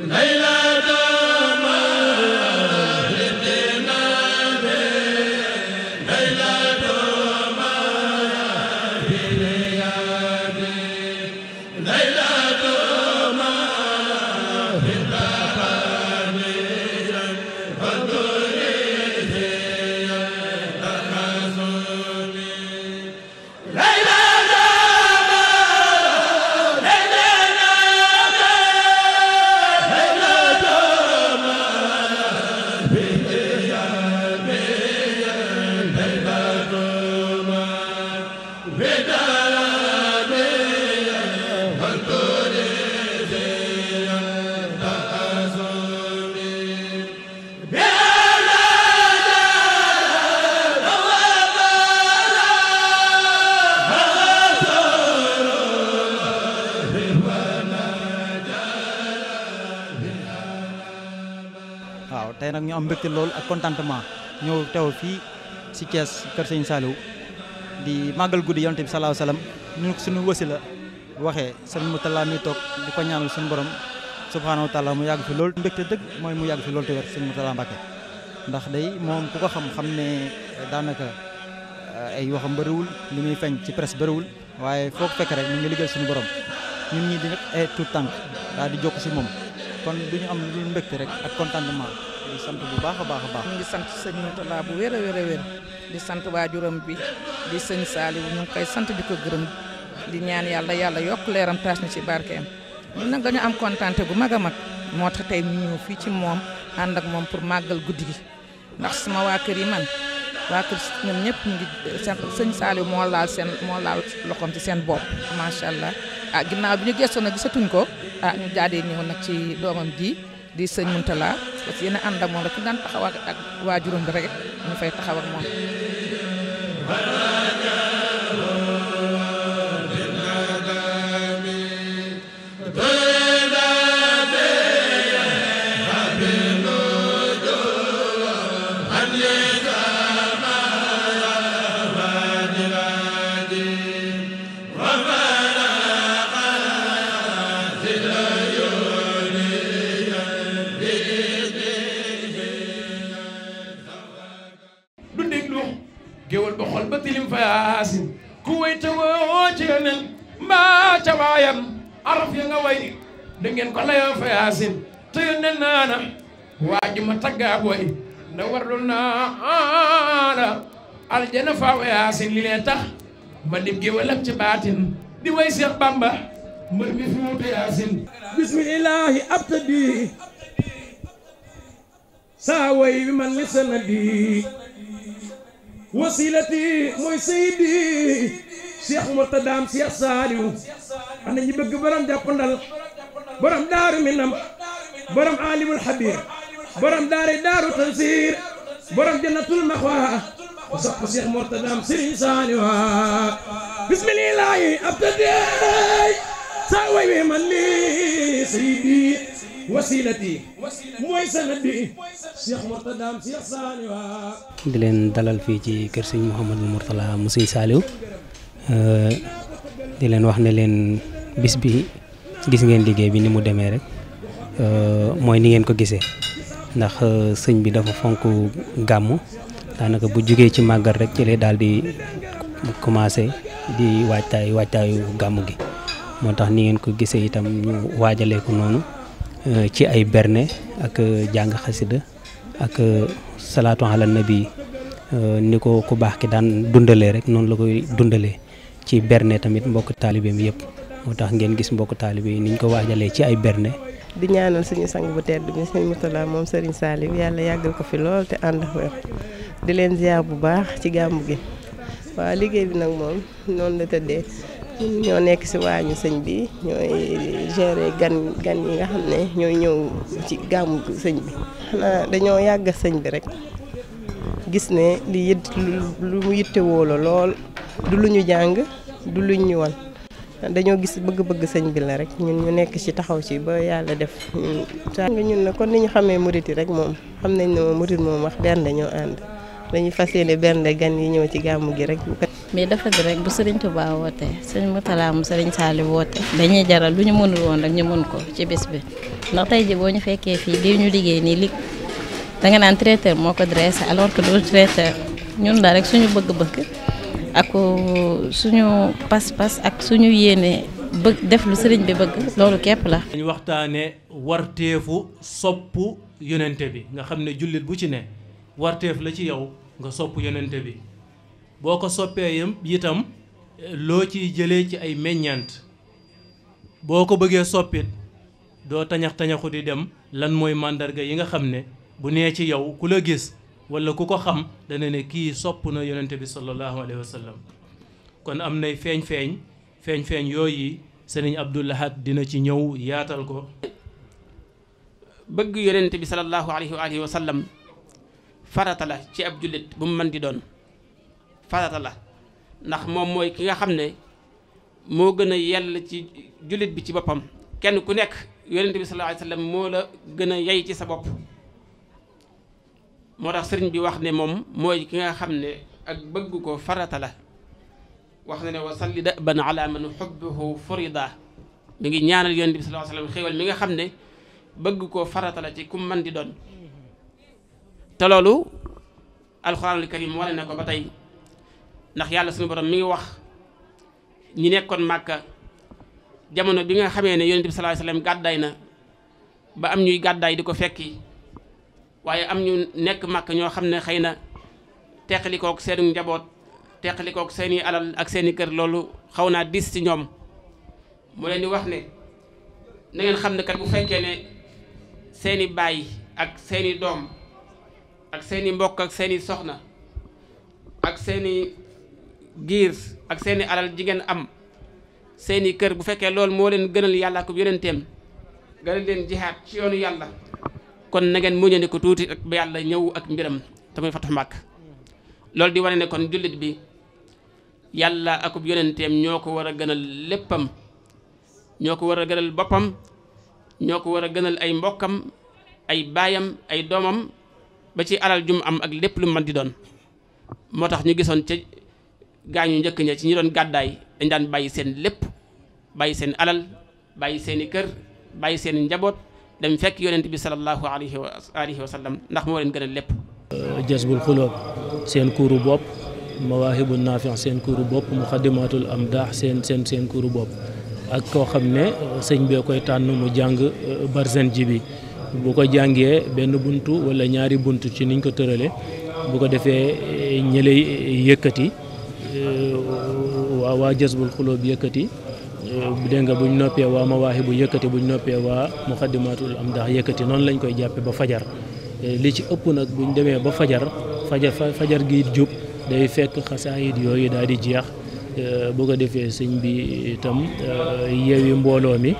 layla nak ñu am mbégte lool ak eh, contentement ñëw teew fi ci kess kër Sëñ salu di magal guddi yonte bi alayhi wasallam ñu suñu wasi la waxee sëñ mu talla mi tok diko ñaanal suñu borom subhanahu wa taala mu yag fi lool mbégte dëgg moy mu yag fi lool te wér sëñ mu talla Mbàkke ndax day moom ku ko xam xam ne eh, daanaka eh, ay waxam bëruul li muy feeñ ci presse bëruul waye foog fekk rek ñu ngi liggéey suñu borom ñun ñi di nak ay tout temps da di jokk ci mom kon duñu am lu mbégte rek ak contentement di sant bu baax a baax a baax. mu ngi sant sëñ Moutalla bu wér a wér di sant waajuram bi di sëñ Saliou ñu ngi koy sant bi ko gërëm di ñaan yàlla yàlla yokk leeram taas na ci barkeem ñun nag dañu am kontaan gu mag a mag moo tax tey mu ñëw fii ci moom ànd ak moom pour màggal guddi gi ndax sama waa kër yi man waa kër ñoom ñëpp ñu ngi sëñ Saliou moo laal seen moo laal loxoom ci seen bopp. macha allah ah ginnaaw bi ñu gëstoo nag gisatuñ ko ah ñu jaadee ñëw nag ci doomam ji. di sëñ Moutala parce que yéen a ànd ak moom rek fu daan fa ak waajuram bi rek ñu fay taxaw ak moom. géwal ba xol ba tilim fa yaasin ku way te ci yonen ma ca baayam araf ya nga way de ngeen ko layo fa yaasin te nana naana waaji ma taggaab way nda warlu ala al faa fa yaasin li leen tax ma dim géwal ak ci batin di way cheikh Bamba mbër mi fi wuute yaasin bismillah abtadi sa way bi man li sanadi wasilati mooy sayidi cheikh Umar Tadaam cheikh Saaliw ana ñi bëgg borom jàppandal borom daaru minam borom alimul xabir borom daare daaru tansiir borom jannatul maxwa sopp cheikh mortadaam sëriñ saaliwa bismillaahi abtadee saa way wi man li sayidi wasilati mooy sanad bi Cheikh Mourtada Cheikh Saliou dalal fii ci Muhammad sëñ Mouhamadou Mourtada mu sëñ Saliou di leen wax ne leen bis bi gis ngeen liggéey bi ni mu demee gamu, mooy ni ngeen ko gisee ndax bi dafa bu ci rek ci lay di kumase di watai watai gamu gi moo tax ni ngeen ko gisee itam ñu ko Euh, ci ay berne ak euh, jàng xasida ak euh, salaatu ala nabi ni ko ku baax ki daan dundalee rek noonu la koy dundale ci berne tamit mbokk taalibeem yëpp moo tax ngeen gis mbokk taalibe yi niñ ko waajalee ci ay berne di ñaanal suñu sang bu tedd bi sëñ Mourtala moom sëriñ Saliou yàlla yàggal ko fi lool te ànd ak wér di leen ziar bu baax ci gàmmu gi waaw liggéey bi nag moom noonu la tëddee ñoo nekk ci waañu sëñ bi ñooy gérer gan gan yi nga xam ne ñooy ñëw ci gàmmu sëñ bi xanaa dañoo yàgg sëñ bi rek gis ne li yit lu mu yitte woolo lool du lu ñu jàng du lu ñu wan dañoo gis bëgg-bëgg sëñ bi la rek ñun ñu nekk ci taxaw ci ba yàlla def ñun saa ñun ne kon ni ñu xamee murit yi rek moom xam nañ ne murit moom wax benn ñoo ànd dañuy fas yéene benn gan yi ñëw ci gàmmu gi rek mais dafa di rek bu Serigne Touba woote Serigne Moutala mu Serigne Sali woote dañuy jaral lu ñu mënul woon rek ñu mën ko ci bis bi ndax tey ji boo ñu fekkee fii lii ñu liggéey nii li danga naan traiteur moo ko dressé alors que du traiteur ñun la rek suñu bëgg-bëgg ak suñu pas-pas ak suñu yéene bëgg def lu sëriñ bi bëgg loolu képp la. dañu waxtaanee warteefu soppu yonente bi nga xam ne bu ci ne la ci yow nga yonente bi. boo ko soppee itam loo ciy jëlee ci ay meññant boo ko bëggee soppit doo tañax tañaxu di dem lan mooy màndarga yi nga xam ne bu nee ci yow ku la gis wala ku ko xam dana ne kii sopp na yonente bi sallallahu alayhi wa sallam kon am nay feeñ-feeñ feeñ-feeñ yooyu sëriñ dina ci ñëw yaatal ko bëgg yonente bi sallallahu alayhi wa sallam farata la ci ab jullit bu mu mën di doon farata la ndax moom mooy ki nga xam ne moo gën a yell ci jullit bi ci boppam kenn ku nekk yonente bi sallallahu alayhi wasallam moo la gën a yey ci sa bopp moo tax sëriñ bi wax ne moom mooy ki nga xam ne ak bëgg ko farata la wax na ne wa salli daban ala man xubbuhu furida mi ngi ñaanal yonente bi sallallahu alayhi wasallam xéewal mi nga xam ne bëgg ko farata la ci ku man di doon te loolu alxuraanul karim wane na ko ba tey ndax yàlla suñu borom mi ngi wax ñi nekkon màkka jamono bi nga xamé ne yonent bi sallallahu alayhi wasallam gàddaay na ba am ñuy gàddaay diko fekki waye am ñu nekk makka ño xamné xeyna tekkaliko ak teqalikook njabot tekkaliko ak seeni alal ak seeni kër lolu xawna dis ci ñom mu leen di wax ne na ngeen xamné kat bu fekké ne seeni baay ak seeni dom ak seeni mbokk ak seeni soxna ak seeni giir ak seeni alal ji ngeen am seeni kër bu fekkee lool moo leen gënal yàlla ak yonenteem gënal leen jihaat ci yoonu yàlla kon na ngeen muñandi ko tuuti rek ba yàlla ñëw ak mbiram te muy fatax màkk loolu di wane ne kon jullit bi yàlla akub yonenteem ñoo ko war a gënal léppam ñoo ko war a gënal boppam ñoo ko war a gënal ay mbokkam ay baayam ay doomam ba ci alal jum am ak lépp lu man di doon moo tax ñu gisoon ca gaañu njëkk ña ci ñi doon gàddaay dañ daan bàyyi seen lépp bàyyi seen alal bàyyi seen i kër bàyyi seen njaboot dem fekk yonent bi sallallahu alayhi wa alihi wa sallam ndax moo leen gën a lépp euh, jazbul xuloob seen kuuru bopp mawaahibu naafi' seen kuuru bopp muqaddimatul amdaax seen seen seen kuuru bopp ak koo xam ne euh, sëñ bee koy tànn mu jàng euh, barzen ji bi bu ko jàngee benn buntu wala ñaari buntu ci niñ ko tëralee bu ko defee ñëlay yëkkati Eh, waa waa Jazbul Xuloob yëkkati eh, dégg nga buñ noppee waa Mawaahi bu yëkkati buñ noppee waa am ndax yëkkati noonu lañ koy jàppe ba fajar eh, li ci ëpp nag buñ demee ba fajar fajar fajar gi jub day fekk xasaayit yooyu daal di jeex bu ko defee sëñ bi itam yeewi mbooloo mi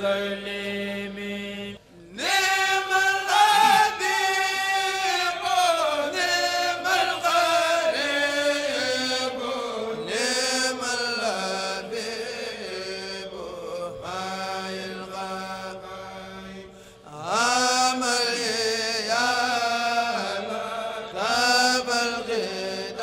المسلمين نعم الغريب نعم الغريب نعم الغريب هاي الغريب عمل يا غاب الغدار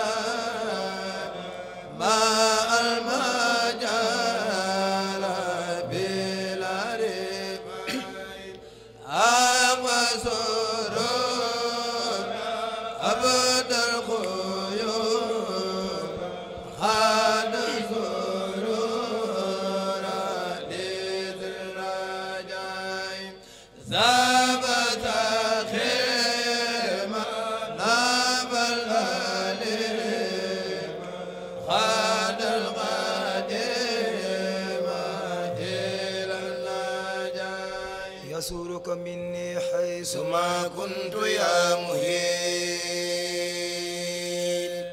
حيثما كنت يا مهيل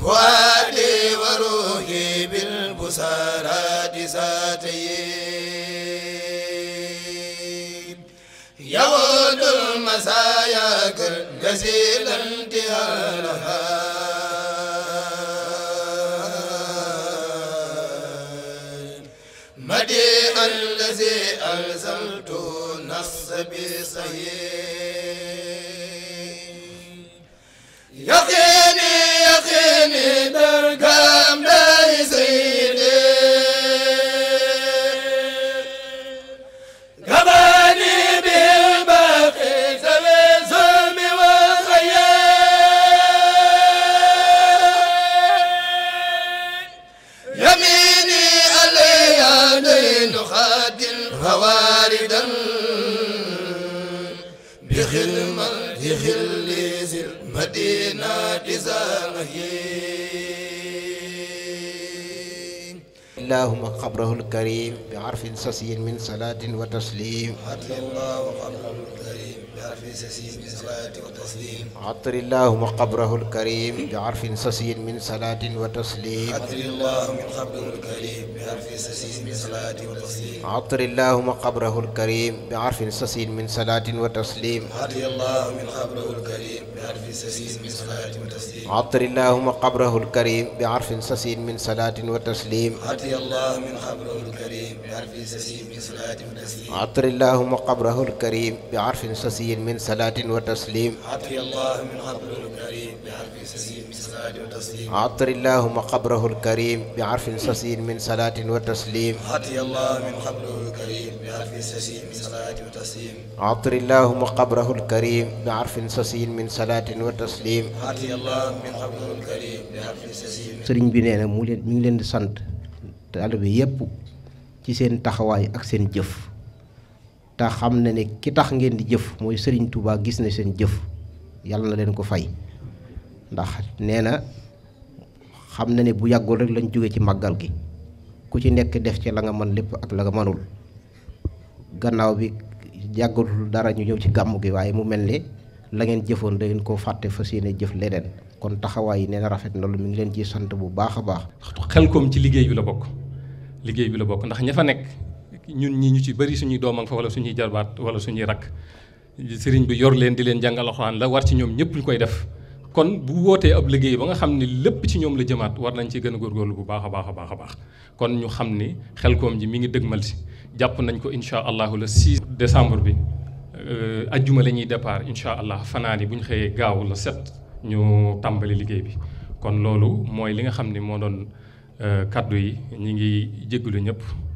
فؤادي وروحي بالبصارات ذاتي يعود المسايا جزيل انتهالها مديء الذي ألزمته بصحيح يقيني يقيني درقم درقم اللهم قبره الكريم بعرف سسي من صلاة وتسليم الله قبره الكريم بعرف سسي من صلاة وتسليم عطر اللهم قبره الكريم بعرف سسي من صلاة وتسليم عطر اللهم قبره الكريم بعرف سسي من صلاة وتسليم عطر اللهم قبره الكريم بعرف سسي من صلاة وتسليم عطر اللهم قبره الكريم بعرف سسي من صلاة وتسليم عطر اللهم قبره الكريم بعرف سسي من صلاة وتسليم عطر اللهم قبره الكريم بعرف سسي من صلاة وتسليم عطر اللهم قبره الكريم بعرف سسي حي من صلاة وتسليم عطر الله من قبره الكريم بحرف سسين من صلاة وتسليم عطر اللهم قبره الكريم بحرف سسين من صلاة وتسليم عطر الله من قبره الكريم بحرف سسين من صلاة وتسليم عطر اللهم قبره الكريم بحرف سسين من صلاة وتسليم عطر الله من قبره الكريم بحرف بعرف سسيل سرين بنينا مولين مولين سنت تعالوا بيبو ci seen taxawaay ak seen جف ta xam na ne ki tax ngeen di jëf moy Serigne Touba gis na seen jëf yalla na len ko fay ndax nee xam na ne bu yàggul rek lañ jóge ci magal gi ku ci nek def ci la nga man lepp ak la nga manul gannaaw bi yàggatul dara ñu ñew ci gamu gi waye mu melni la ngeen jëfoon da ngeen ko fàtte fasiyene jëf leneen kon taxaway neena rafet na lu mi ngi len ci sante bu baaxa baax. xel koom ci liggéey bi la bok liggéey bi la bok ndax ñafa nek ñun ñi ñu ci bëri suñuy doom ak fa wala suñuy jarbaat wala suñuy rakk sëriñ bi yor leen di leen jàngal alxuraan la war ci ñoom ñëpp ñu koy def kon bu wootee ab liggéey ba nga xam ne lépp ci ñoom la jëmaat war nañ ci gën a góorgóorlu bu baax a baax a baax a baax kon ñu xam ni xel koom ji mi ngi dëgmal si jàpp nañ ko incha allahu le 6 décembre bi euh, ajjuma la ñuy départ incha allah fanaan yi bu ñu xëyee gaaw la set ñu tàmbali liggéey bi kon loolu mooy li nga xam ne moo doon euh, kàddu yi ñi ngi jéggalu ñëpp